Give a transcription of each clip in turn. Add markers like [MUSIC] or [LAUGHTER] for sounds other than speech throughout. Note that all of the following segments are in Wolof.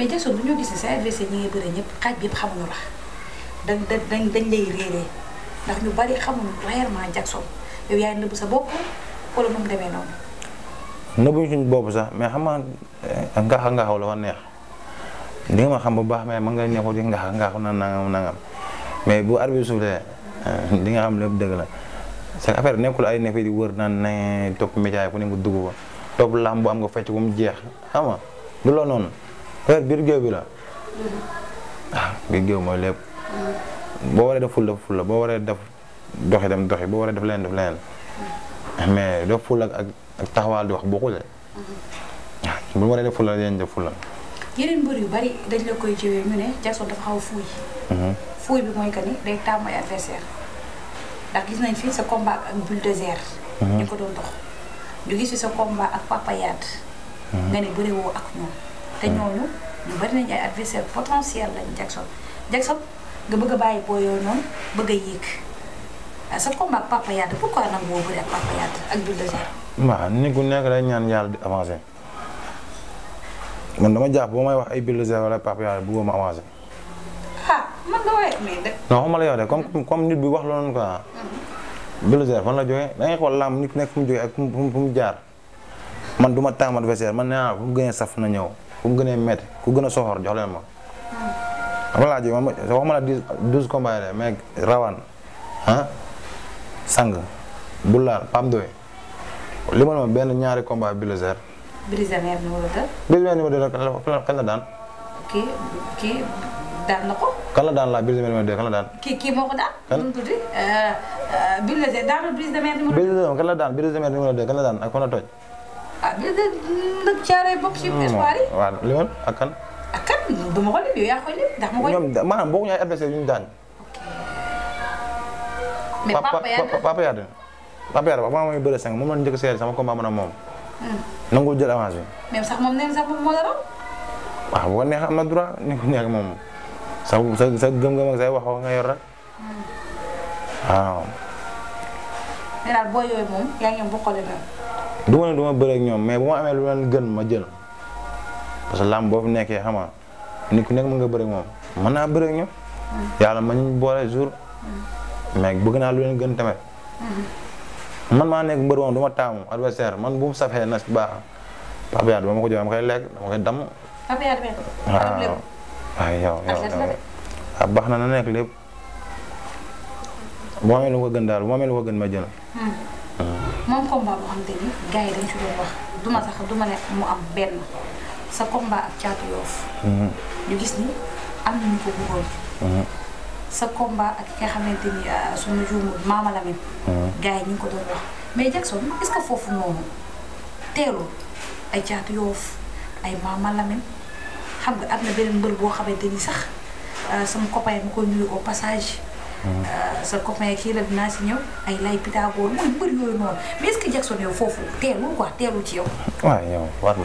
mais Jackson bu ñu gisee sa adversaire ñi ngay bëree ñëpp xaaj bi yëpp xamuñu la dañ dañ dañ lay réeree ndax ñu bari xamuñu réellement Jackson yow yaay nëbb sa bopp wala nu mu demee noonu. nëbbuñ suñ bopp sax mais xam nga eh, ngaxa ngaxaw la fa neex di nga ma xam bu baax mais ma nga neexut di ngaxa ngaxaw na nangam nangam mais bu arbitre soufflé eh, di nga xam lépp dëgg la c'est affaire nekkul ay neef yi di wër naan ne topp média yi ku ne nga dugg fa topp làmb bu am nga fecc bu mu jeex xam nga du loolu noonu. peut-être biir géew bi la ah biir géew mooy lépp mm-hmm. boo waree def fulla fulla boo waree def doxi dem doxi boo waree def leneen def leneen mm-hmm. mais def fulla ak taxawaal di wax bokkule mm-hmm. bu mooy que day tàmm ay adversaire ndax gis nañ fi sa combat ak bulldozer ñu ko doon dox ñu gis fi sa combat ak Papa Yade nga ne bëriwoo ak ñoom te ñooñu ñu bari nañ ay adversaire potentiel lañ Jackson Jackson nga bëgg a bàyyi boo yooyu noonu bëgg a yéeg ah, sa combat ak Papa Yade pourquoi jàpp boo may wax ay Bulldozer wala Papa Yade bëggoo ma avancé. ah man nga waaye mais la yow de comme comme nit bi wax la noonu quoi. Mhm. Bulldozer fan la jógee da ngay xool làmb nit nekk fu mu jógee ak fu mu jaar man du ma tàng adversaire man nee naa fu mu gënee saf na ñëw. ku mu gënee métti ku gën a soxor jox leen ma. xam nga laa ji moom waxuma la dix douze combats la rawaan ah sang bulaar pam doy li ma benn ñaari combat bilisaire. bilisaire nga numéro 2. bilisaire numéro 2 la kan la daan. kii kii daan na ko. daan laa bilisaire numéro 2 mu tudd euh, euh, bilisaire la daan ak fan la toj. a ah, bi de nag caaray bokk ci mm. espoir yi. waaw limal ak kan. ak kan du ma ko lim yow yaa ko lim Papa Yade Papa Yade Papa Yade waaw maa ngi bëre sànq moom la njëkk a sama combat mën a moom. Mm. nangu jël avance bi. même sax moom nee sax moom moo la raw. waaw bu ko neexee am na droit ni ko neex moom sa sa gëm-gëm ak wax nga yor rek mm. waaw. mais daal boo yooyu moom yaa ngi bokkale du ma ne du ma ñoom mais bu ma amee lu leen gën ma jël parce que làmb boo fi nekkee xam nga ku nekk mën nga bëre ak moom mën naa bëre ñoom. Mm. yàlla ma ñu boole jour. Mm. mais bëgg naa lu leen gën tamit. Mm. man maa nekk mbër moom du taamu adversaire man bu mu safee na si baax Pape ba ma ko jox dama koy lekk dama koy damm. Pape Yade bi. waaw ah, baax na na nekk lépp. bu ma amee lu ko gën daal bu ma amee lu ko gën ma jël. moom combat boo xamante ni gars yi dañ ci doon wax duma sax duma ne mu am benn sa combat ak caatu yoof mhm. ñu gis ni am nañu ko bëggoon mhm. sa combat ak ki nga xamante ni euh, sunu juumul Maama Lamine mhm. gars yi ñu ngi ko doon wax mais Jackson est-ce que foofu moomu teelu ay caatu yoof ay Maama Lamine xam nga am na benn mbër boo xamante ni sax euh, sama copain ma koy nuyu au passage sa copain kii la dinaa si ñëw ay lay Pythagore mooy mbër yooyu noonu mais est-ce que Jackson yow foofu teelul quoi teelul ci yow. waaw yow war na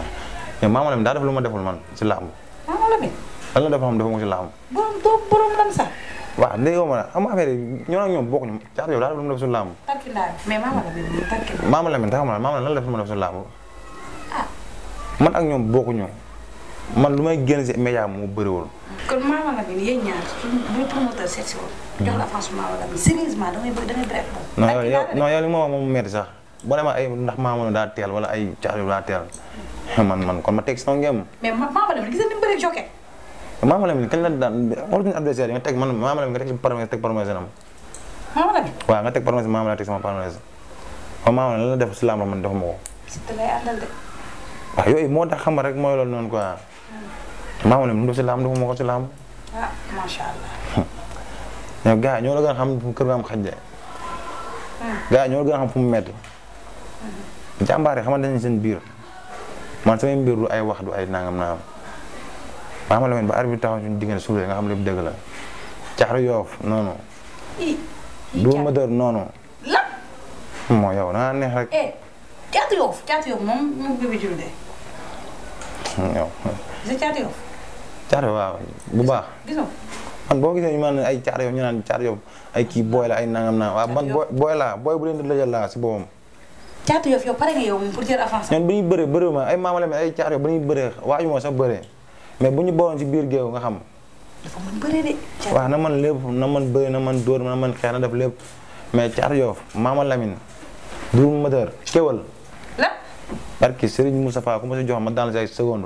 yow Maama Lamine daa def lu ma deful man si làmb. Maama Lamine. lan la dafa xam dafa mu si làmb. borom doo borom lam sax. waaw léegi yow maanaam am affaire yi ñoo ak ñoom bokkuñu caa yow daa def lu ma def suñu làmb. tànki laa mais Maama Lamine moom tànki la. Maama Lamine taxaw ma Maama lan la def lu ma def suñu làmb. ah. man ak ñoom bokkuñu man lu may génn si média mu bëriwul. kon Maama Lamine yéen ñaar bu promoteur seet si woon jox la avancement wala bi sérieusement damay bëgg damay bref. ma wax moom metti sax boo demee ay ndax Mamadou daa teel wala ay caaxaan daa teel [LAUGHS] ma teg sama ngëm. mais la daan teg man Mamadou Lamine nga teg ci promesse teg promesse def si lamb man defuma ko. si te de. waaw yooyu moo tax xam rek mooy loolu noonu quoi. Hmm. Mamadou Lamine lu ñoom gaa ñoo la gën a xam ñoo la gën a xam fu mu métti. jàmbaar yi xamante ne seen biir man samay mbir du ay wax du ay nangam naam maa xamal la man ba arbitre taxaw suñu diggante xam lépp dëgg la caxaru yoof noonu. du ma noonu. la. moo yow naa neex rek. Eh, caatu yoof caatu yow. caatu yoof. bu baax. man boo gisee ñu naan ay caar yow ñu naan caar yow ay kii booy la ay nangam naa waaw man booy booy laa booy bu leen di lajal si boppam. ñoom bu ñuy bëree bëree ay maama la mais ay caar yow bu ñuy bëree waaju moo sax bëree mais bu ñu booloon si biir géew nga xam. dafa na man lépp na man bëree na man dóor na man xeex na def lépp mais caar yow maama Lamine. du moteur kéwal. la. barki Serigne ma si jox ma dans ay seconde.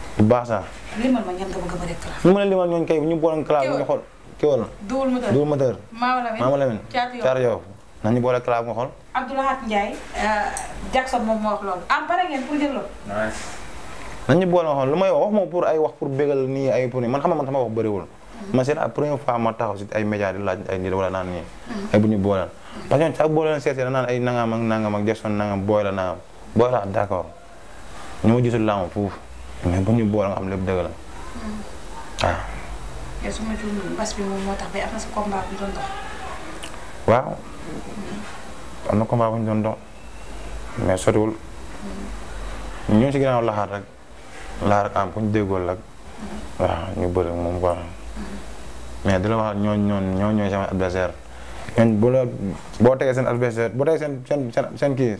bu baax sax. limal ma ñan ñu mën a limal ñooñu kay bu ñu boole Kara bu ñu xool. Kéwal Duul Moteur Duul Moteur. ma euh, xool lu may wax ma pour ay wax pour bégal nii ay pour nii man xam man sama wax bëriwul. Mm-hmm. man c'est la ma taxaw si ay médias di laaj ay nit naan nii. Mm-hmm. ay bu ñu booleel. parce que ñoom sax boo leen naan ay nangam ak nangam ak Jackson nangam booy la nangam booy la d'accord ñu ma gisul laamu foofu mais bu ñu boole nga lépp dëgg la hmm. waaw. am na sa combat ñu doon dox. waaw am ñu doon dox hmm. ñoo ci ginnaaw laxaat rek laxaat am ku ñu déggool rek hmm. waaw ñu bëri moom quoi mais di la wax ñooñu ñooñu ñoo ñooy sama adversaire ñooñu boo tegee seen adversaire boo tegee seen seen seen kii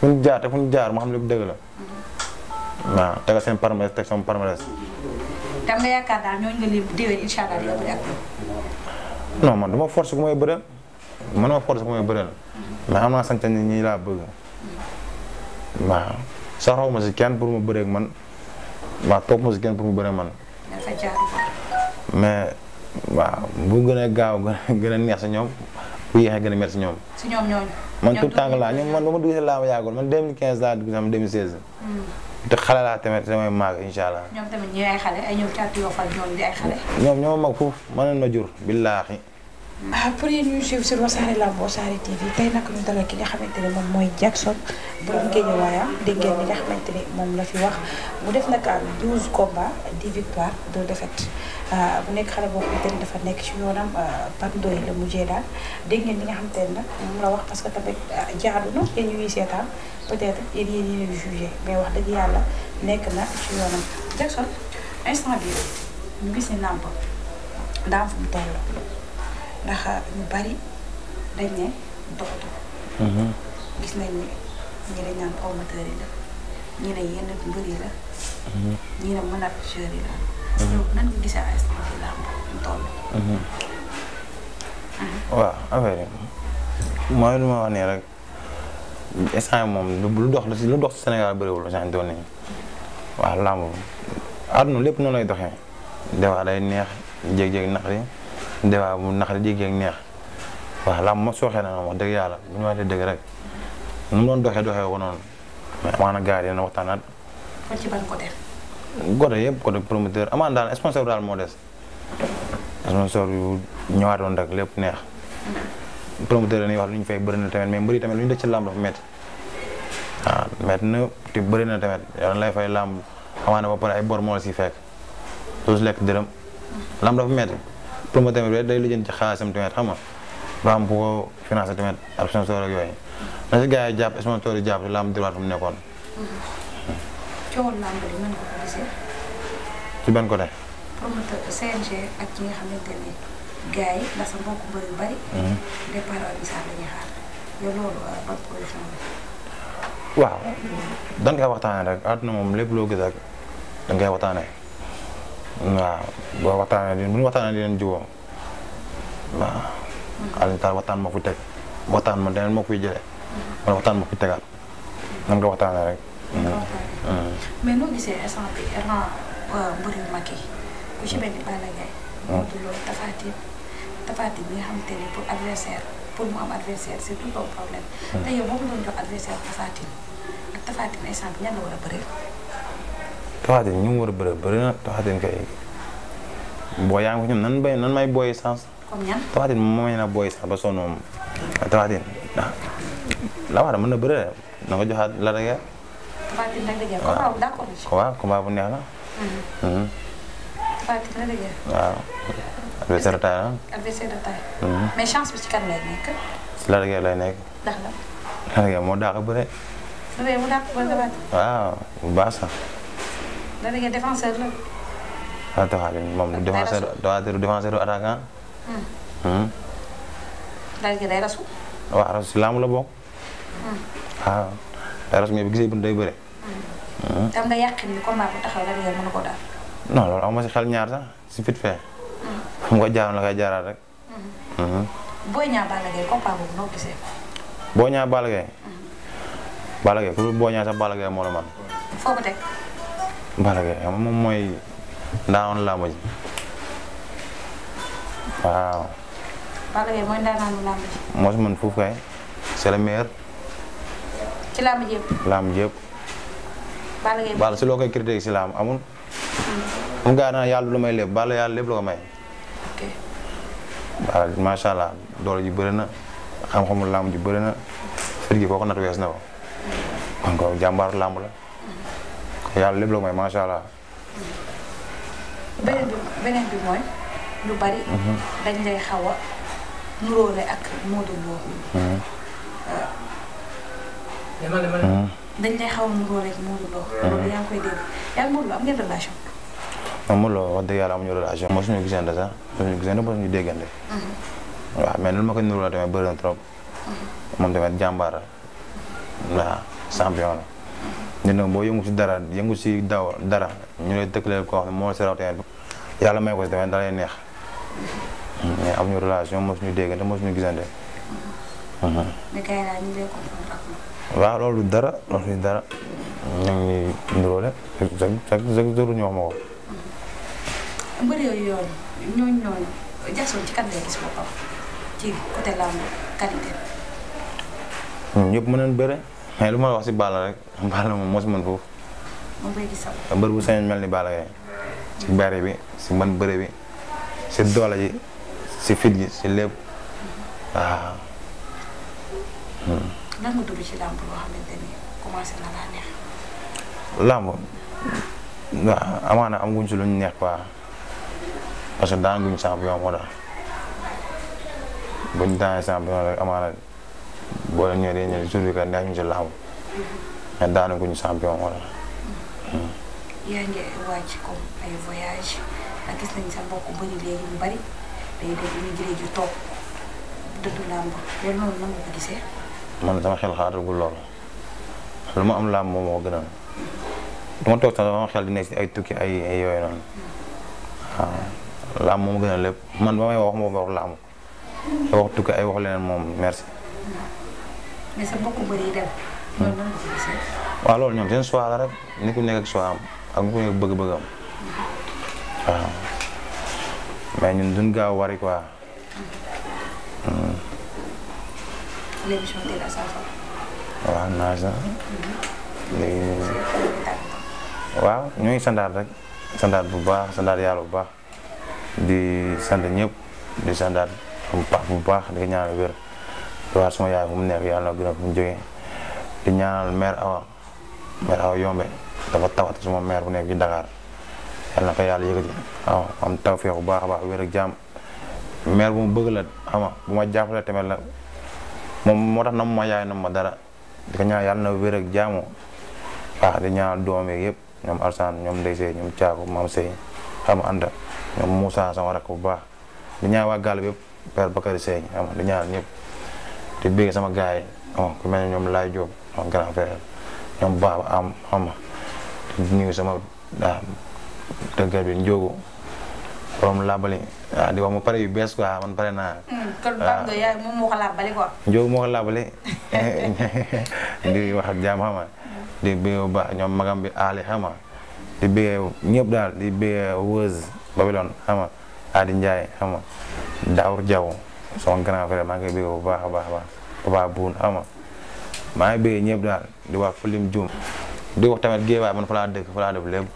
fu ñu jaar te fu ñu jaar moo xam lépp dëgg la. waaw tegal seen palmarès teg sama palmarès. tam nga yaakaar daal ñooñu nga lim déwén incha allah dina bëri ak non man du ma force bu may bëreel man force bu may bëreel mais am naa sant ni ñii laa bëgg waaw soxla ma si kenn pour mu bëri man waaw topp ma si kenn pour mu bëree man. mais waaw bu gën a gaaw gën a neex si ñoom bu yéexee gën a metti si ñoom. si ñoom ñooñu. man tout le laa ñoom man ba ma dugg si làmb yàggul man 2015 laa dugg sama 2016. Hmm. te xale laa tamit samay maag incha tamit ñooy ay xale ay ñoom ñoom ñoom mag foofu mën ma jur billaahi ah pour yéen ñuy suivre sur Wassare Lamb Wassare TV tey nag ñu dalal ki nga xamante ne moom mooy Jackson borom Guédiawaye dégg ngeen li nga xamante ne moom la fi wax mu def nag 12 combats 10 victoires 2 défaites bu nekk xale boo dafa nekk ci yoonam Pape Ndoye la mujjee daal dégg ngeen nga xamante ne nag moom la wax parce que tamit ah, jaadu na yéen ñuy seetaan peut-être yéen yéen yéen mais wax dëgg yàlla nekk na ci yoonam Jackson instant bi ñu gis ne làmb fu mu toll. ndax ñu bari dañ ne doxatu. Mhm. gis nañ ne ñi ne yenn mbër yi la. ñi ne moom lu dox lu dox Sénégal bëriwul instant doon nañu waaw làmb àdduna lépp noonu lay doxee. dafaa day neex jéeg-jéeg naqari. déwén mu naqari jéggi ak neex waaw làmb ma sooxee na wax dëgg yàlla bu ñu waxee dëgg rek nu mu doon doxee doxee ko noonu mais amaana gars yi dina waxtaanaat. kon ci ban côté. côté yëpp promoteur amaana daal sponsor daal moo des. sponsor yu ñëwaatoon rek lépp neex. promoteur dañuy wax lu ñu fay bëri na tamit mais mbëri tamit lu ñu def ci làmb dafa métti. waaw métti na te bëri na tamit yow lay fay làmb amaana ba pare ay bor moo la si fekk. su lekk dërëm làmb dafa métti. promo tamit day lijjanti ci xaalisam tamit xam nga lamb bu ko financé tamit ab sponsor ak yooyu na si gars yi jàpp sponsor yi jàpp si lamb diriwaat fu mu nekkoon. Mhm. Euh, waaw da nga koy waxtaanee rek moom lépp loo gis rek da nga waaw boo waxtaanee di bu ñu waxtaanee di leen jubóo waaw. Alioune Tall waxtaan moo fi teg waxtaan ma deneen moo koy jëlee mm-hmm. waxtaan moo fi tegaat nan nga waxtaanee rek. Mm-hmm. Mm-hmm. mais noo gisee instant bi ren mbir yu mag yi ku ci mel ni Balla Gaye. Modou Lo pour adversaire pour mu am adversaire c'est tout un problème. te yow boo ko doon jox adversaire Tapha Tine ak Tapha Tine war a bëri. Tapha Tine ñu mu war a bëre kay boo yaa ngi ko may booy sens. comme moom may na booy sens ba sonn moom Tapha Tine a mën na bëre na ko joxaat la rek. Tapha Tine bu neex la. Mm-hmm. Mm-hmm. Tapha waaw. adversaire de mm-hmm. lay nekk. si moo daax a waaw baax sax. Lac de Guiers la. Ah, moom défenseur Tapha hmm. hmm. Tine day rasu. waaw rasu si laamu la bokk. waaw hmm. ah, day rasu mais bu gisee bu day bëre. am nga yàqin ni combat bu taxaw Lac de Guiers mën na koo daal. non loolu am si xel ñaar sax si fit fee. fu mu ko la koy jaaraat rek. Boy Niang Balla ku dul Boy sax Balla moo la man. foo ko Balla Gaye moom mooy ndaanoon làmb ji moo si mën foofu kay c'est le meilleur. ci làmb ji yëpp. làmb ji yëpp. si loo koy critiquer si làmb amul. moom gaa yàlla lu may lépp Balla yàlla lépp la ko may. ok. Balla allah doole ji bëri na xam-xamu làmb ji bëri na fit gi foo ko nat wees na ko mm. kon ko la. yàlla lépp la mooy macha allah. beneen bi beneen bi mooy lu bari. Mhm. dañ lay xaw a ak Modou Lo. loolu yaa ngi koy dégg yaa ngi Modou Lo am ngeen relation. non Modou Lo wax dëgg moo suñu gisante sax suñu déggante. Mhm. waaw mais lu ma koy nuróole tamit bëri trop. Mhm. moom tamit jàmbaar la champion la. ñu ne boo yëngu si dara yëngu si daw dara ñu lay tëkkaleel koo xam ne moo si raw tamit yàlla may ko si tamit da lay neex mais amuñu relation mosuñu déggante mosuñu gisante. waaw loolu dara loolu dara ñu ngi ñuy nduróole chaque chaque chaque jour ñu wax ma ko. mbëri ñëpp mën na bëre. mais lu ma wax si Balla rek Balla moom moo si mën foofu. moom bay gisal. mbër bu sañoon mel ni bala Gaye si bari bi si man bëre bi si doole ji si fit ji lépp hmm. ci làmb loo xamante ni commencé na laa neex. lu ñu amaana amaguñ neex quoi parce que daan guñ champion moo tax buñ daan champion rek amaana. boo leen ñëwee dañuy ñëw jour bi kat neex ñu ci laamu mais daanaka ñu champion wala. yaa ngi man sama xel xaatagul loolu lu ma am làmb moom moo gënal du ma toog sax sama xel di nekk si ay tukki ay ay yooyu noonu waaw làmb moom gënal lépp man ba may wax ma wax làmb wax tukki ay wax leneen moom merci. Hmm. mais sa mbokku loolu ñoom seen choix la rek ni ku nekk ak choix am ak ni ku nekk bëgg-bëggam waaw mais duñ gaaw wari quoi. Hmm. l'émission tire à na hmm. waaw ñu ngi sandaat rek sandaat bu baax sandaat yàlla bu baax di sant ñëpp di sandaat bu baax bu baax ñaan wér. waaw sama yaay mu nekk yàlla na gërëm fu mu jógee di ñaanal mère Awa mère Awa yombe dafa tawat suma mère bu nekk ci Dakar yàlla na ko yàlla yëkkati waaw am tawfeex bu baax a baax wér ak jàmm mère bu mu bëgg la ama bu ma jàppale tamit la moom moo tax na ma yaay na ma dara di ko ñaan yàlla na wér ak jàmm waaw ah, di ñaanal doom yeeg yëpp ñoom Alsaan ñoom Ndeye Seye ñoom Thiago maam Seye xam ànda ñoom Moussa sama rakk bu baax di ñaan waa gaal bi yëpp Père Bakary Seye te bëgg sama gars yi bon ku mel ne ñoom Laye Diop sama grand ñoom Baba am xam nga nuyu sama ah dëggal bi Ndiogo borom ah, di wax mu pare yu bees quoi man pare naa. Hmm, kon Pape Ndoye yaay [LAUGHS] di wax ak jàmm di bëgg ñoom magam bi Ali xam di bëgg ñëpp daal di bëgg Wëz Babylone xam nga Adi Ndiaye xam sama grand frère maa ngi koy bëgg bu baax a baax a baax papa buun ama maa ngi bëgg ñëpp daal di wax Fulim Dioum di wax tamit Géewaay man fa laa dëkk fa laa def lépp.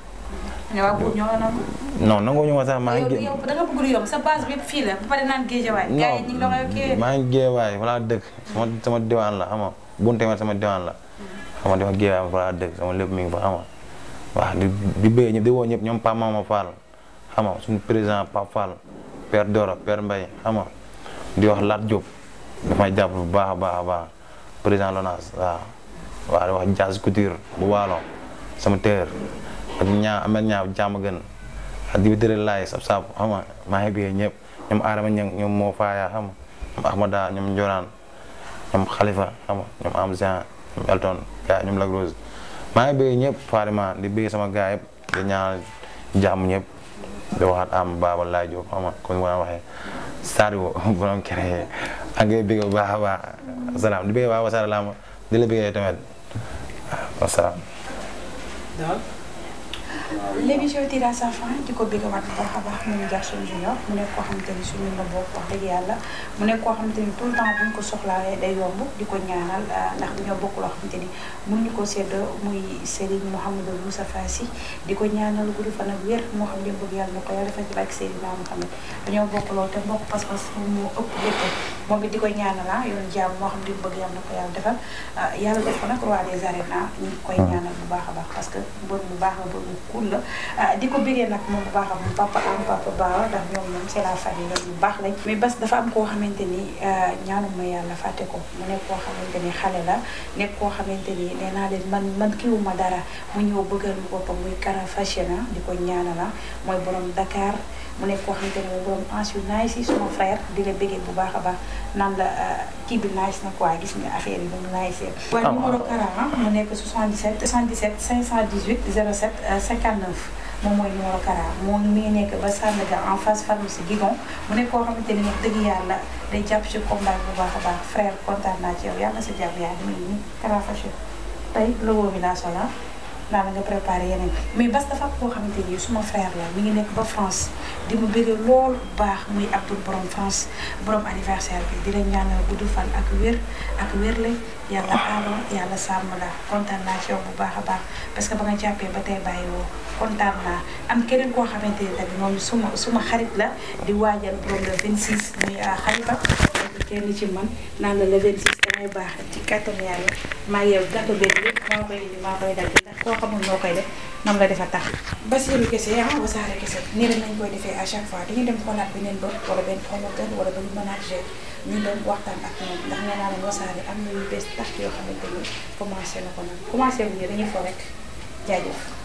ne waa Buur ñoo la nangu. non nangoo ñu ma sax maa ngi. yow da nga bëgg yomb sa base bi yëpp fii la ba pare naan Géejawaay. gars yi ñu ngi la koy kiiwee maa ngi Géewaay fa laa dëkk. sama sama diwaan la xam nga buun tamit sama diwaan la. xam nga dama Géewaay fa laa dëkk sama lépp mi ngi fa xam nga waaw di di bëgg ñëpp di woo ñëpp ñoom Pape Mama Fall xam nga suñu président Pape Fall père Dora père Mbaye xam nga di wax Lat Diop daf may jàpp bu baax a baax a baax président Lonas waaw waaw di wax Diaz Couture bu waalo sama teer ak ñaa amet ñaa jàmm gën ak di bitëri laay sab sab xam nga maa ngi biyee ñëpp ñoom Adama Niang ñoom moo faaya xam ñoom Ahmada ñoom Njooraan ñoom Khalifa xam ñoom am Jean ñoom Elton gaa ñoom Lac Rose maa ngi biyee ñëpp fariment di sama gaa yëpp di ñaanal jàmm ñëpp di waxaat am Baba Laay Diop xam nga kon waxe Sadio borom créé ak ngay bëgg bu baax a baax asalaam di bëgg waa Wassare Lamb di la bëggee tamit waaw wasalaam. l'émission tire à sa fin di ko béggawaat bu baax a baax mu ngi Jackson Junior mu bokk wax dëgg yàlla ni tout le ñu ko soxlawee day yomb di ko ñaanal euh, ndax ñoo bokk ko sedd muy Serigne Mouhamadou Moussa Fassi di ko ñaanal gudd fan ak moo xam ne bëgg yàlla na ko yàlla defal ci barke Seydina Mouhamed dañoo te bokk pas-pas moo ëpp lépp moom di ko ñaanal ah yoon moo xam ne bëgg yàlla na ko yàlla defal euh, yàlla def ko nag roi des arènes ah, ñu ngi koy ah. ñaanal bu baax a baax parce que bu baax nga mbër kuul la Ah, di ko bëggee nag moom bu baax am papa am papa baax ndax ñoom moom c'est la famille loolu bu baax lañ mais bas dafa am koo xamante ni ah, ñaanu ma yàlla fàtte ko mu nekk koo xamante ni xale la nekk koo xamante ni nee naa leen man man kiiwuma dara mu ñëw bëggal boppam muy Kara Fashion na di ko ñaana la mooy borom dakaar mu nekk koo xamante ne borom bu baax a baax naan la euh, kii bi nice na quoi gis nga affaire bi moom nice yi. waaw waaw numéro mu nekk 77 77 518 07 59. moom mooy numéro Kara moom mi ngi nekk ba Sandaga en face pharmacie Guigon mu nekk koo xamante ne wax dëgg yàlla day jàpp ci combat bu baax a baax frère kontaan naa ci yow yàlla na sa jàmm yaa ngi nuyu Kara Fashion tey logo bi laa sola naa la nga préparé yeneen mais bas dafa koo xamante ni suma frère la mi ngi nekk ba France di mu bëggee lool baax muy Abdul borom France borom anniversaire bi di la ñaanal gudd fan ak wér ak wérle yàlla aaroon yàlla sàmm la kontaan naa ci yow bu baax a baax parce que ba nga jàppee ba tey bàyyi woo kontaan naa am keneen koo xamante ni tamit moom suma suma xarit la di waajal borom le 26 muy xalifa ah, kenn ci man naan la le 26 damay baax ci kattan yàlla maa yow gàttu benn maa koy maa koy dagg ndax koo xamul noo koy def nam la defa tax. Basiru kese ah Wassare kese nii rek nañ koy defee à chaque fois dañuy dem xoolaat beneen bopp wala benn promoteur wala benn manager ñu dem waxtaan ak ñoom ndax nee naa leen Wassare am na yu bees tax yoo xamante ni commencé na ko nag commencé wu ñu fo rek jaajëf.